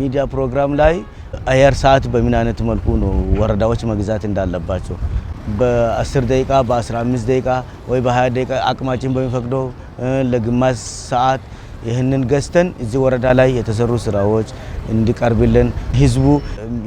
ሚዲያ ፕሮግራም ላይ አየር ሰዓት በምን አይነት መልኩ ነው ወረዳዎች መግዛት እንዳለባቸው በ10 ደቂቃ በ15 ደቂቃ ወይ በ20 ደቂቃ አቅማችን በሚፈቅደው ለግማሽ ሰዓት ይህንን ገዝተን እዚህ ወረዳ ላይ የተሰሩ ስራዎች እንዲቀርብልን ህዝቡ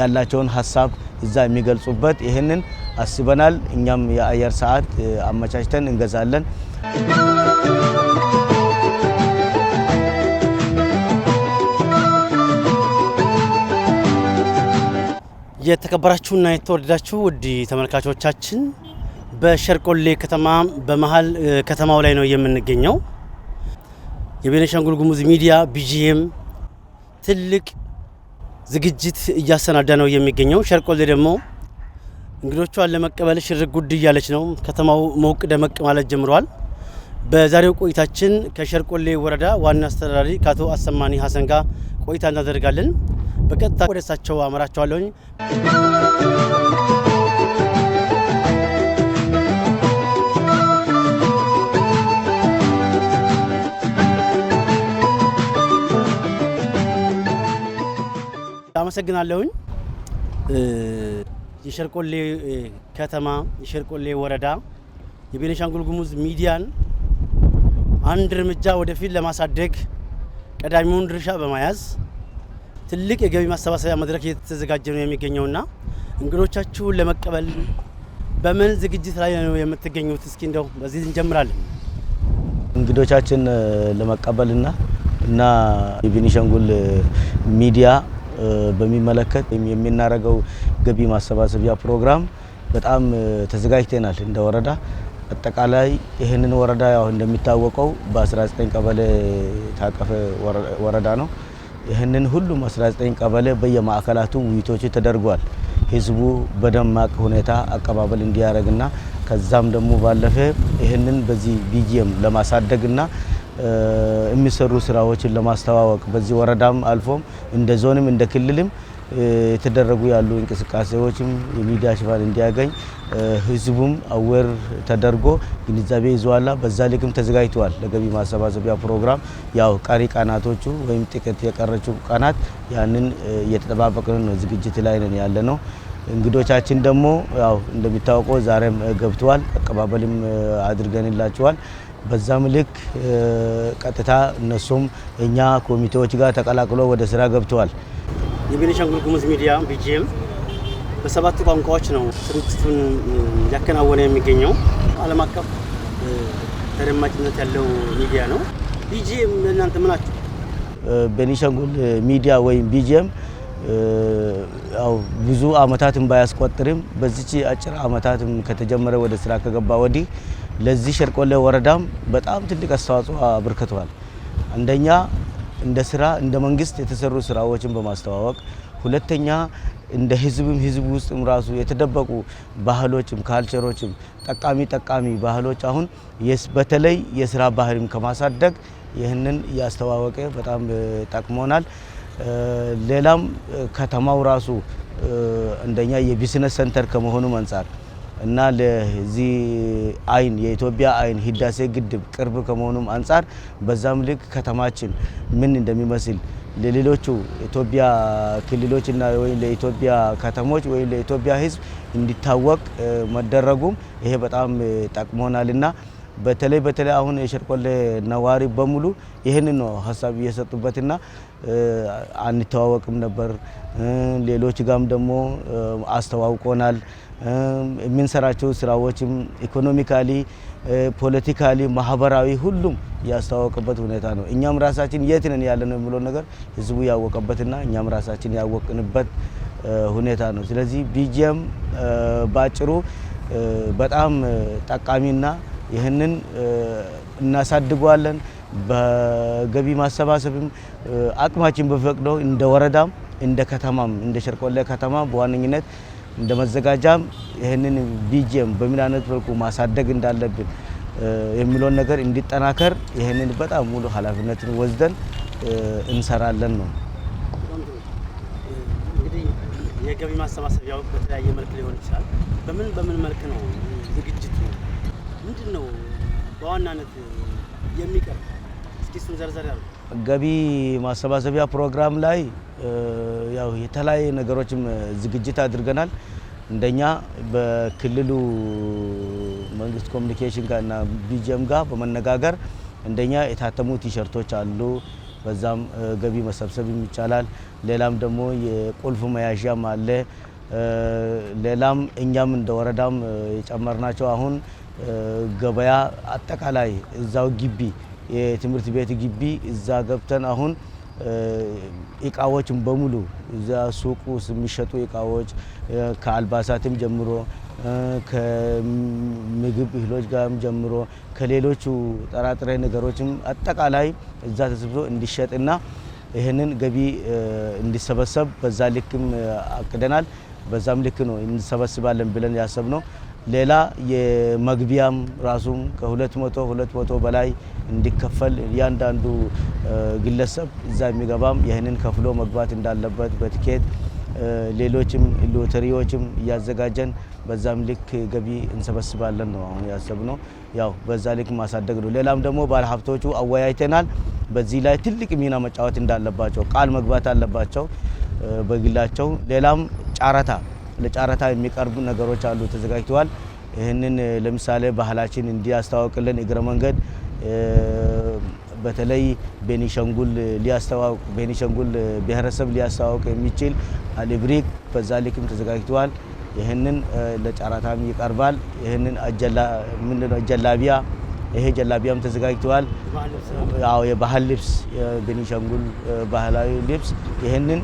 ያላቸውን ሀሳብ እዛ የሚገልጹበት ይህንን አስበናል። እኛም የአየር ሰዓት አመቻችተን እንገዛለን። የተከበራችሁና የተወደዳችሁ ውድ ተመልካቾቻችን በሸርቆሌ ከተማ በመሀል ከተማው ላይ ነው የምንገኘው። የቤኒሻንጉል ጉሙዝ ሚዲያ ቢጂኤም ትልቅ ዝግጅት እያሰናዳ ነው የሚገኘው። ሸርቆሌ ደግሞ እንግዶቿን ለመቀበል ሽር ጉድ እያለች ነው። ከተማው ሞቅ ደመቅ ማለት ጀምሯል። በዛሬው ቆይታችን ከሸርቆሌ ወረዳ ዋና አስተዳዳሪ ከአቶ አሰማኒ ሀሰን ጋር ቆይታ እናደርጋለን። በቀጥታ ወደ እሳቸው አመራቸዋለሁኝ። አመሰግናለሁኝ። የሸርቆሌ ከተማ የሸርቆሌ ወረዳ የቤኒሻንጉል ጉሙዝ ሚዲያን አንድ እርምጃ ወደፊት ለማሳደግ ቀዳሚውን ድርሻ በመያዝ ትልቅ የገቢ ማሰባሰቢያ መድረክ እየተዘጋጀ ነው የሚገኘውና እንግዶቻችሁን ለመቀበል በምን ዝግጅት ላይ ነው የምትገኙት? እስኪ እንደው በዚህ እንጀምራለን። እንግዶቻችን ለመቀበልና እና የቤኒሻንጉል ሚዲያ በሚመለከት የምናደርገው ገቢ ማሰባሰቢያ ፕሮግራም በጣም ተዘጋጅተናል እንደ ወረዳ አጠቃላይ ይህንን ወረዳ ያው እንደሚታወቀው በ19 ቀበሌ ታቀፈ ወረዳ ነው። ይህንን ሁሉም 19 ቀበሌ በየማዕከላቱ ውይይቶች ተደርጓል። ህዝቡ በደማቅ ሁኔታ አቀባበል እንዲያደርግና ከዛም ደግሞ ባለፈ ይህንን በዚህ ቢጂኤም ለማሳደግና የሚሰሩ ስራዎችን ለማስተዋወቅ በዚህ ወረዳም አልፎም እንደ ዞንም እንደ ክልልም የተደረጉ ያሉ እንቅስቃሴዎችም የሚዲያ ሽፋን እንዲያገኝ ህዝቡም አወር ተደርጎ ግንዛቤ ይዘዋላ። በዛ ልክም ተዘጋጅተዋል ለገቢ ማሰባሰቢያ ፕሮግራም። ያው ቀሪ ቀናቶቹ ወይም ጥቂት የቀረችው ቀናት ያንን እየተጠባበቅን ነው፣ ዝግጅት ላይ ነን ያለ ነው። እንግዶቻችን ደግሞ ያው እንደሚታወቀው ዛሬም ገብተዋል፣ አቀባበልም አድርገንላቸዋል። በዛም ልክ ቀጥታ እነሱም እኛ ኮሚቴዎች ጋር ተቀላቅሎ ወደ ስራ ገብተዋል። የቤኒሻንጉል ጉሙዝ ሚዲያ ቢጂኤም በሰባት ቋንቋዎች ነው ስርጭቱን እያከናወነ የሚገኘው። ዓለም አቀፍ ተደማጭነት ያለው ሚዲያ ነው። ቢጂኤም ለእናንተ ምናችሁ? ቤኒሻንጉል ሚዲያ ወይም ቢጂኤም ያው ብዙ አመታትን ባያስቆጥርም በዚች አጭር አመታትም ከተጀመረ ወደ ስራ ከገባ ወዲህ ለዚህ ሸርቆሌ ወረዳም በጣም ትልቅ አስተዋጽኦ አበርክተዋል። አንደኛ እንደ ስራ እንደ መንግስት የተሰሩ ስራዎችን በማስተዋወቅ ሁለተኛ እንደ ህዝብም ህዝብ ውስጥም ራሱ የተደበቁ ባህሎችም ካልቸሮችም ጠቃሚ ጠቃሚ ባህሎች አሁን በተለይ የስራ ባህልም ከማሳደግ ይህንን እያስተዋወቀ በጣም ጠቅሞናል። ሌላም ከተማው ራሱ አንደኛ የቢዝነስ ሰንተር ከመሆኑ አንጻር እና ለዚህ አይን የኢትዮጵያ አይን ህዳሴ ግድብ ቅርብ ከመሆኑም አንጻር በዛም ልክ ከተማችን ምን እንደሚመስል ለሌሎቹ ኢትዮጵያ እና ወይም ለኢትዮጵያ ከተሞች ወይም ለኢትዮጵያ ህዝብ እንዲታወቅ መደረጉም ይሄ በጣም ጠቅሞናልና በተለይ በተለይ አሁን የሸርቆሌ ነዋሪ በሙሉ ይህንን ነው ሀሳብ እየሰጡበትና አንተዋወቅም ነበር ሌሎች ጋም ደግሞ አስተዋውቆናል። የምንሰራቸው ስራዎችም ኢኮኖሚካሊ፣ ፖለቲካሊ፣ ማህበራዊ ሁሉም ያስተዋወቅበት ሁኔታ ነው። እኛም ራሳችን የት ነን ያለ ነው የሚለው ነገር ህዝቡ ያወቀበትና እኛም ራሳችን ያወቅንበት ሁኔታ ነው። ስለዚህ ቢጂኤም በአጭሩ በጣም ጠቃሚና ይህንን እናሳድገዋለን። በገቢ ማሰባሰብም አቅማችን በፈቅደው እንደ ወረዳም እንደ ከተማም እንደ ሸርቆሌ ከተማ በዋነኝነት እንደ መዘጋጃም ይህንን ቢጂኤም በምን አይነት መልኩ ማሳደግ እንዳለብን የሚለውን ነገር እንዲጠናከር ይህንን በጣም ሙሉ ኃላፊነትን ወስደን እንሰራለን ነው። እንግዲህ የገቢ ማሰባሰቢያው በተለያየ መልክ ሊሆን ይችላል። በምን በምን መልክ ነው ዝግጅቱ? ምንድን ነው በዋናነት የሚቀርብ? እስኪ እሱን ዘርዘር ያሉ ገቢ ማሰባሰቢያ ፕሮግራም ላይ ያው የተለያዩ ነገሮችም ዝግጅት አድርገናል። እንደኛ በክልሉ መንግስት ኮሚኒኬሽን ጋር እና ቢጂኤም ጋር በመነጋገር እንደኛ የታተሙ ቲሸርቶች አሉ። በዛም ገቢ መሰብሰብም ይቻላል። ሌላም ደግሞ የቁልፍ መያዣም አለ። ሌላም እኛም እንደ ወረዳም የጨመርናቸው አሁን ገበያ አጠቃላይ እዛው ግቢ የትምህርት ቤት ግቢ እዛ ገብተን አሁን እቃዎችን በሙሉ እዛ ሱቅ ውስጥ የሚሸጡ እቃዎች ከአልባሳትም ጀምሮ ከምግብ እህሎች ጋርም ጀምሮ ከሌሎቹ ጥራጥሬ ነገሮችም አጠቃላይ እዛ ተሰብስቦ እንዲሸጥና ይህንን ገቢ እንዲሰበሰብ በዛ ልክም አቅደናል። በዛም ልክ ነው እንሰበስባለን ብለን ያሰብ ነው። ሌላ የመግቢያም ራሱም ከ200 200 በላይ እንዲከፈል እያንዳንዱ ግለሰብ እዛ የሚገባም ይህንን ከፍሎ መግባት እንዳለበት በትኬት ሌሎችም ሎተሪዎችም እያዘጋጀን በዛም ልክ ገቢ እንሰበስባለን ነው አሁን ያሰብነው። ያው በዛ ልክ ማሳደግ ነው። ሌላም ደግሞ ባለሀብቶቹ አወያይተናል። በዚህ ላይ ትልቅ ሚና መጫወት እንዳለባቸው ቃል መግባት አለባቸው በግላቸው። ሌላም ጨረታ ለጨረታ የሚቀርቡ ነገሮች አሉ ተዘጋጅተዋል። ይህንን ለምሳሌ ባህላችን እንዲያስተዋውቅልን እግረ መንገድ በተለይ ቤኒሸንጉል ሊያስተዋውቅ ቤኒሸንጉል ብሔረሰብ ሊያስተዋውቅ የሚችል አሊብሪክ በዛ ልክም ተዘጋጅተዋል። ይህንን ለጨረታም ይቀርባል። ይህንን ምንድነው ጀላቢያ ይሄ ጀላቢያም ተዘጋጅተዋል። ያው የባህል ልብስ ቤኒሻንጉል ባህላዊ ልብስ ይህንን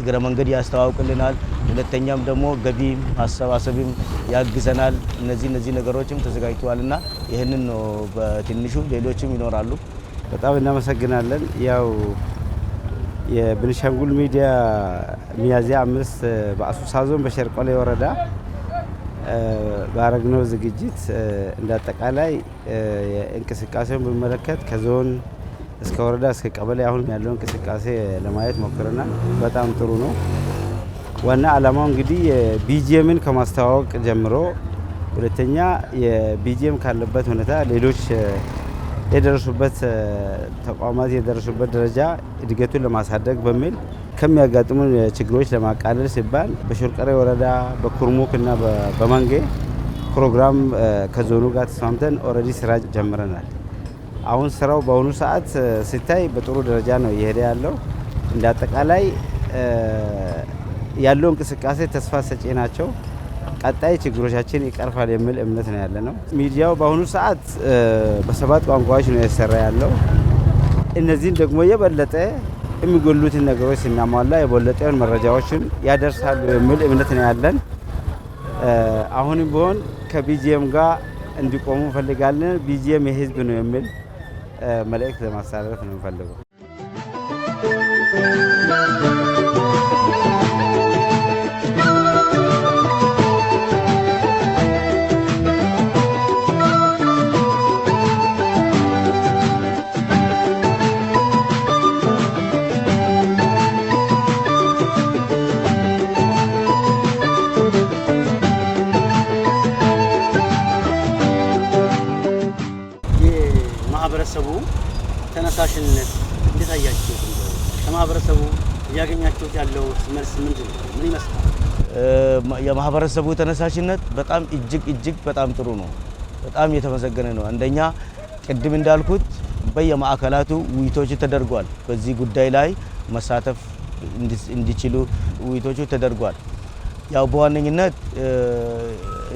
እግረ መንገድ ያስተዋውቅልናል። ሁለተኛም ደግሞ ገቢ ማሰባሰብም ያግዘናል። እነዚህ እነዚህ ነገሮችም ተዘጋጅተዋልና ይህንን ነው በትንሹ ሌሎችም ይኖራሉ። በጣም እናመሰግናለን። ያው የቤኒሻንጉል ሚዲያ ሚያዝያ አምስት በአሶሳ ዞን በሸርቆሌ ወረዳ ባረግነው ዝግጅት እንዳጠቃላይ እንቅስቃሴውን ብመለከት ከዞን እስከ ወረዳ እስከ ቀበሌ አሁን ያለው እንቅስቃሴ ለማየት ሞክረናል። በጣም ጥሩ ነው። ዋና ዓላማው እንግዲህ ቢጂኤምን ከማስተዋወቅ ጀምሮ፣ ሁለተኛ የቢጂኤም ካለበት ሁኔታ ሌሎች የደረሱበት ተቋማት የደረሱበት ደረጃ እድገቱን ለማሳደግ በሚል ከሚያጋጥሙ ችግሮች ለማቃለል ሲባል በሾርቀሬ ወረዳ በኩርሙክ እና በመንጌ ፕሮግራም ከዞኑ ጋር ተስማምተን ኦልሬዲ ስራ ጀምረናል። አሁን ስራው በአሁኑ ሰዓት ሲታይ በጥሩ ደረጃ ነው እየሄደ ያለው። እንደ አጠቃላይ ያለው እንቅስቃሴ ተስፋ ሰጪ ናቸው። ቀጣይ ችግሮቻችን ይቀርፋል የሚል እምነት ነው ያለ ነው። ሚዲያው በአሁኑ ሰዓት በሰባት ቋንቋዎች ነው የሰራ ያለው። እነዚህን ደግሞ የበለጠ የሚጎሉትን ነገሮች ስናሟላ የበለጠውን መረጃዎችን ያደርሳሉ የሚል እምነት ነው ያለን። አሁንም ቢሆን ከቢጂኤም ጋር እንዲቆሙ እንፈልጋለን። ቢጂኤም የህዝብ ነው የሚል ملائكة المساعدة المفلقة ተነሳሽነት እንዴት አያችሁ? ከማህበረሰቡ እያገኛችሁት ያለው መልስ ምንድን ነው? ምን ይመስላል? የማህበረሰቡ ተነሳሽነት በጣም እጅግ እጅግ በጣም ጥሩ ነው። በጣም የተመሰገነ ነው። አንደኛ ቅድም እንዳልኩት በየማዕከላቱ ውይይቶቹ ተደርጓል። በዚህ ጉዳይ ላይ መሳተፍ እንዲችሉ ውይይቶቹ ተደርጓል። ያው በዋነኝነት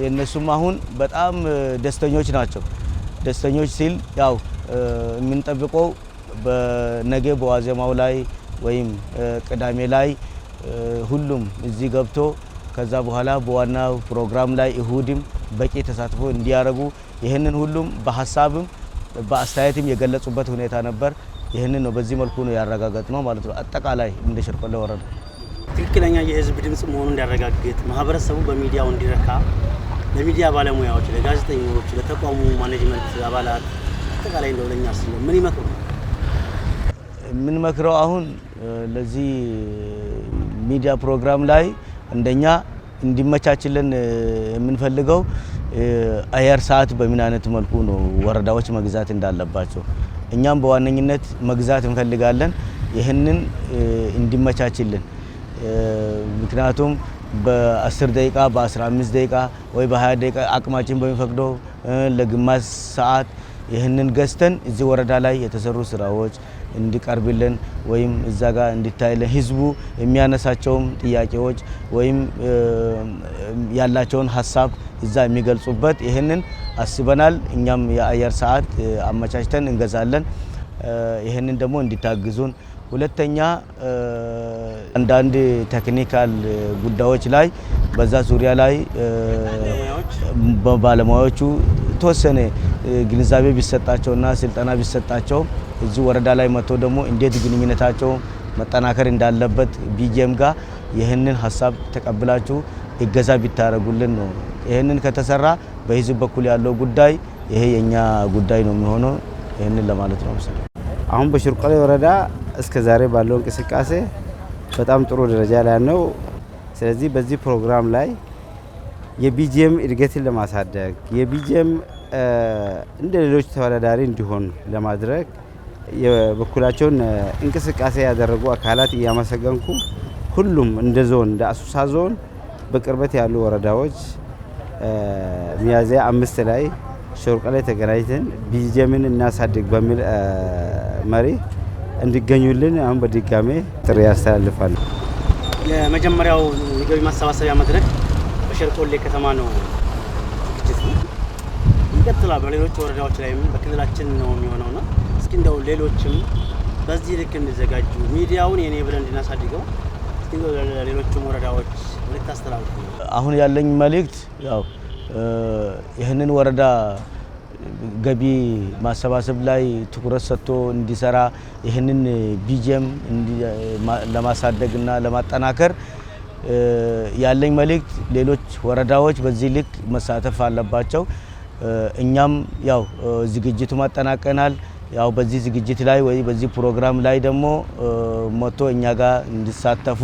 የእነሱም አሁን በጣም ደስተኞች ናቸው። ደስተኞች ሲል ያው የምንጠብቀው በነገ በዋዜማው ላይ ወይም ቅዳሜ ላይ ሁሉም እዚህ ገብቶ ከዛ በኋላ በዋና ፕሮግራም ላይ እሁድም በቂ ተሳትፎ እንዲያደርጉ ይህንን ሁሉም በሀሳብም በአስተያየትም የገለጹበት ሁኔታ ነበር። ይህንን ነው በዚህ መልኩ ነው ያረጋገጥ ነው ማለት ነው። አጠቃላይ እንደ ሸርቆሌ ወረዳ ትክክለኛ የህዝብ ድምፅ መሆኑን እንዲያረጋግጥ ማህበረሰቡ በሚዲያው እንዲረካ ለሚዲያ ባለሙያዎች፣ ለጋዜጠኞች፣ ለተቋሙ ማኔጅመንት አባላት አጠቃላይ እንደሆነ እኛ ምን ይመክሩ የምንመክረው አሁን ለዚህ ሚዲያ ፕሮግራም ላይ እንደኛ እንዲመቻችልን የምንፈልገው አየር ሰዓት በምን አይነት መልኩ ነው ወረዳዎች መግዛት እንዳለባቸው እኛም በዋነኝነት መግዛት እንፈልጋለን። ይህንን እንዲመቻችልን ምክንያቱም በ10 ደቂቃ በ15 ደቂቃ ወይ በ20 ደቂቃ አቅማችን በሚፈቅደው ለግማሽ ሰዓት ይህንን ገዝተን እዚህ ወረዳ ላይ የተሰሩ ስራዎች እንዲቀርብልን ወይም እዛ ጋር እንዲታይልን ህዝቡ የሚያነሳቸውም ጥያቄዎች ወይም ያላቸውን ሀሳብ እዛ የሚገልጹበት ይህንን አስበናል። እኛም የአየር ሰዓት አመቻችተን እንገዛለን። ይህንን ደግሞ እንዲታግዙን ሁለተኛ አንዳንድ ቴክኒካል ጉዳዮች ላይ በዛ ዙሪያ ላይ ባለሙያዎቹ የተወሰነ ግንዛቤ ቢሰጣቸውና ስልጠና ቢሰጣቸው እዚህ ወረዳ ላይ መጥቶ ደግሞ እንዴት ግንኙነታቸው መጠናከር እንዳለበት ቢጂኤም ጋር ይህንን ሀሳብ ተቀብላችሁ እገዛ ቢታረጉልን ነው። ይህንን ከተሰራ በህዝብ በኩል ያለው ጉዳይ ይሄ የእኛ ጉዳይ ነው የሚሆነው። ይህንን ለማለት ነው። አሁን በሽርቆሌ ወረዳ እስከ ዛሬ ባለው እንቅስቃሴ በጣም ጥሩ ደረጃ ላይ ነው። ስለዚህ በዚህ ፕሮግራም ላይ የቢጂኤም እድገትን ለማሳደግ የቢጂኤም እንደ ሌሎች ተወዳዳሪ እንዲሆን ለማድረግ የበኩላቸውን እንቅስቃሴ ያደረጉ አካላት እያመሰገንኩ ሁሉም እንደ ዞን እንደ አሱሳ ዞን በቅርበት ያሉ ወረዳዎች ሚያዝያ አምስት ላይ ሾርቅ ላይ ተገናኝተን ቢጂኤምን እናሳድግ በሚል መሪ እንዲገኙልን አሁን በድጋሜ ጥሪ ያስተላልፋሉ። የመጀመሪያው የገቢ ማሰባሰቢያ መድረክ በሸርቆሌ ከተማ ነው ዝግጅቱ ይቀጥላል። በሌሎች ወረዳዎች ላይም በክልላችን ነው የሚሆነውና እስኪ እንደው ሌሎችም በዚህ ልክ እንዲዘጋጁ ሚዲያውን የኔ ብለን እንድናሳድገው ሌሎችም ወረዳዎች ልክ አስተላልፉ። አሁን ያለኝ መልእክት ያው ይህንን ወረዳ ገቢ ማሰባሰብ ላይ ትኩረት ሰጥቶ እንዲሰራ ይህንን ቢጂኤም ለማሳደግና ለማጠናከር ያለኝ መልእክት ሌሎች ወረዳዎች በዚህ ልክ መሳተፍ አለባቸው። እኛም ያው ዝግጅቱ ማጠናቀናል። ያው በዚህ ዝግጅት ላይ ወይ በዚህ ፕሮግራም ላይ ደግሞ መጥቶ እኛ ጋር እንዲሳተፉ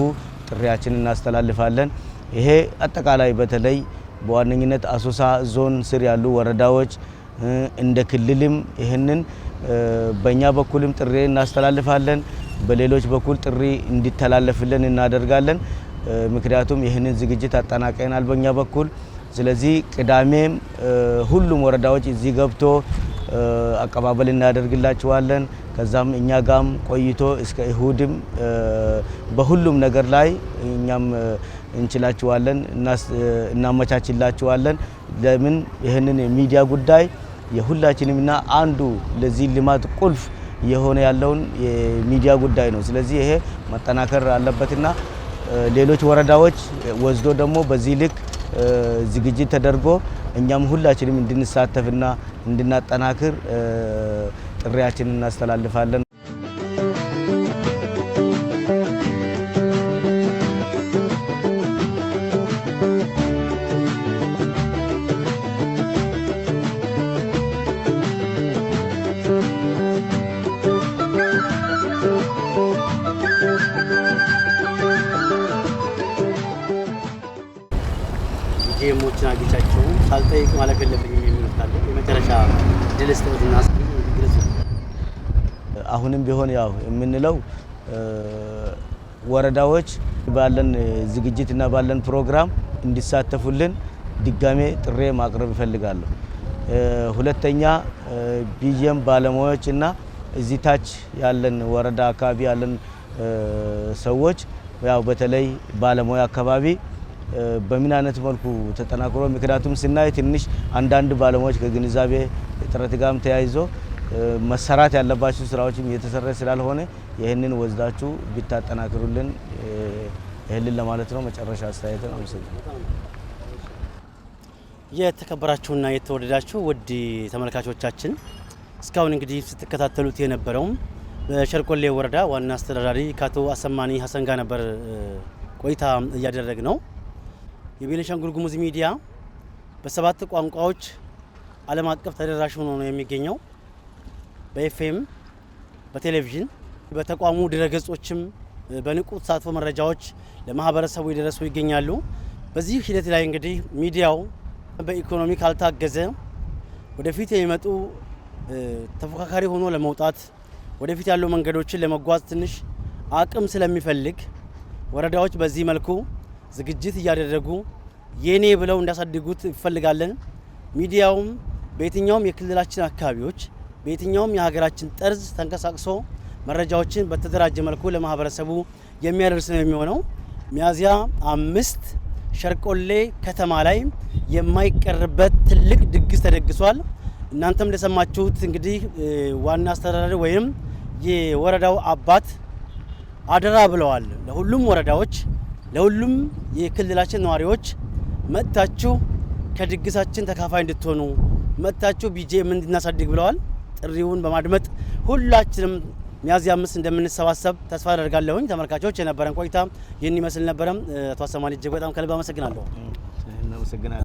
ጥሪያችን እናስተላልፋለን። ይሄ አጠቃላይ በተለይ በዋነኝነት አሶሳ ዞን ስር ያሉ ወረዳዎች እንደ ክልልም ይህንን በእኛ በኩልም ጥሪ እናስተላልፋለን። በሌሎች በኩል ጥሪ እንዲተላለፍልን እናደርጋለን። ምክንያቱም ይህንን ዝግጅት አጠናቀናል በእኛ በኩል። ስለዚህ ቅዳሜም ሁሉም ወረዳዎች እዚህ ገብቶ አቀባበል እናደርግላቸዋለን። ከዛም እኛ ጋም ቆይቶ እስከ እሁድም በሁሉም ነገር ላይ እኛም እንችላችኋለን እናመቻችላችኋለን። ለምን ይህንን የሚዲያ ጉዳይ የሁላችንምና አንዱ ለዚህ ልማት ቁልፍ የሆነ ያለውን የሚዲያ ጉዳይ ነው። ስለዚህ ይሄ መጠናከር አለበትና ሌሎች ወረዳዎች ወስዶ ደግሞ በዚህ ልክ ዝግጅት ተደርጎ እኛም ሁላችንም እንድንሳተፍና እንድናጠናክር ጥሪያችንን እናስተላልፋለን። አሁንም ቢሆን ያው የምንለው ወረዳዎች ባለን ዝግጅት እና ባለን ፕሮግራም እንዲሳተፉልን ድጋሜ ጥሬ ማቅረብ እፈልጋለሁ። ሁለተኛ ቢጀም ባለሙያዎች እና እዚህ ታች ያለን ወረዳ አካባቢ ያለን ሰዎች ያው በተለይ ባለሙያ አካባቢ በምን አይነት መልኩ ተጠናክሮ ምክንያቱም ስናይ ትንሽ አንዳንድ ባለሙያዎች ከግንዛቤ እጥረት ጋርም ተያይዞ መሰራት ያለባቸው ስራዎችም እየተሰራ ስላልሆነ ይህንን ወስዳችሁ ብታጠናክሩልን ይህንን ለማለት ነው። መጨረሻ አስተያየትን አመሰግናለሁ። የተከበራችሁና የተወደዳችሁ ውድ ተመልካቾቻችን እስካሁን እንግዲህ ስትከታተሉት የነበረውም በሸርቆሌ ወረዳ ዋና አስተዳዳሪ ከአቶ አሰማኒ ሀሰን ጋር ነበር ቆይታ እያደረግ ነው። የቤኒሻንጉል ጉሙዝ ሚዲያ በሰባት ቋንቋዎች ዓለም አቀፍ ተደራሽ ሆኖ ነው የሚገኘው። በኤፍኤም፣ በቴሌቪዥን፣ በተቋሙ ድረገጾችም በንቁ ተሳትፎ መረጃዎች ለማህበረሰቡ የደረሱ ይገኛሉ። በዚህ ሂደት ላይ እንግዲህ ሚዲያው በኢኮኖሚ ካልታገዘ ወደፊት የሚመጡ ተፎካካሪ ሆኖ ለመውጣት ወደፊት ያሉ መንገዶችን ለመጓዝ ትንሽ አቅም ስለሚፈልግ ወረዳዎች በዚህ መልኩ ዝግጅት እያደረጉ የኔ ብለው እንዳሳድጉት እንፈልጋለን። ሚዲያውም በየትኛውም የክልላችን አካባቢዎች በየትኛውም የሀገራችን ጠርዝ ተንቀሳቅሶ መረጃዎችን በተደራጀ መልኩ ለማህበረሰቡ የሚያደርስ ነው የሚሆነው። ሚያዝያ አምስት ሸርቆሌ ከተማ ላይ የማይቀርበት ትልቅ ድግስ ተደግሷል። እናንተም እንደሰማችሁት እንግዲህ ዋና አስተዳዳሪ ወይም የወረዳው አባት አደራ ብለዋል ለሁሉም ወረዳዎች ለሁሉም የክልላችን ነዋሪዎች መጥታችሁ ከድግሳችን ተካፋይ እንድትሆኑ መጥታችሁ ቢጄም እንድናሳድግ ብለዋል። ጥሪውን በማድመጥ ሁላችንም ሚያዝያ አምስት እንደምንሰባሰብ ተስፋ አደርጋለሁኝ። ተመልካቾች የነበረን ቆይታ ይህን ይመስል ነበረም። አቶ አሰማኒ እጅግ በጣም ከልብ አመሰግናለሁ።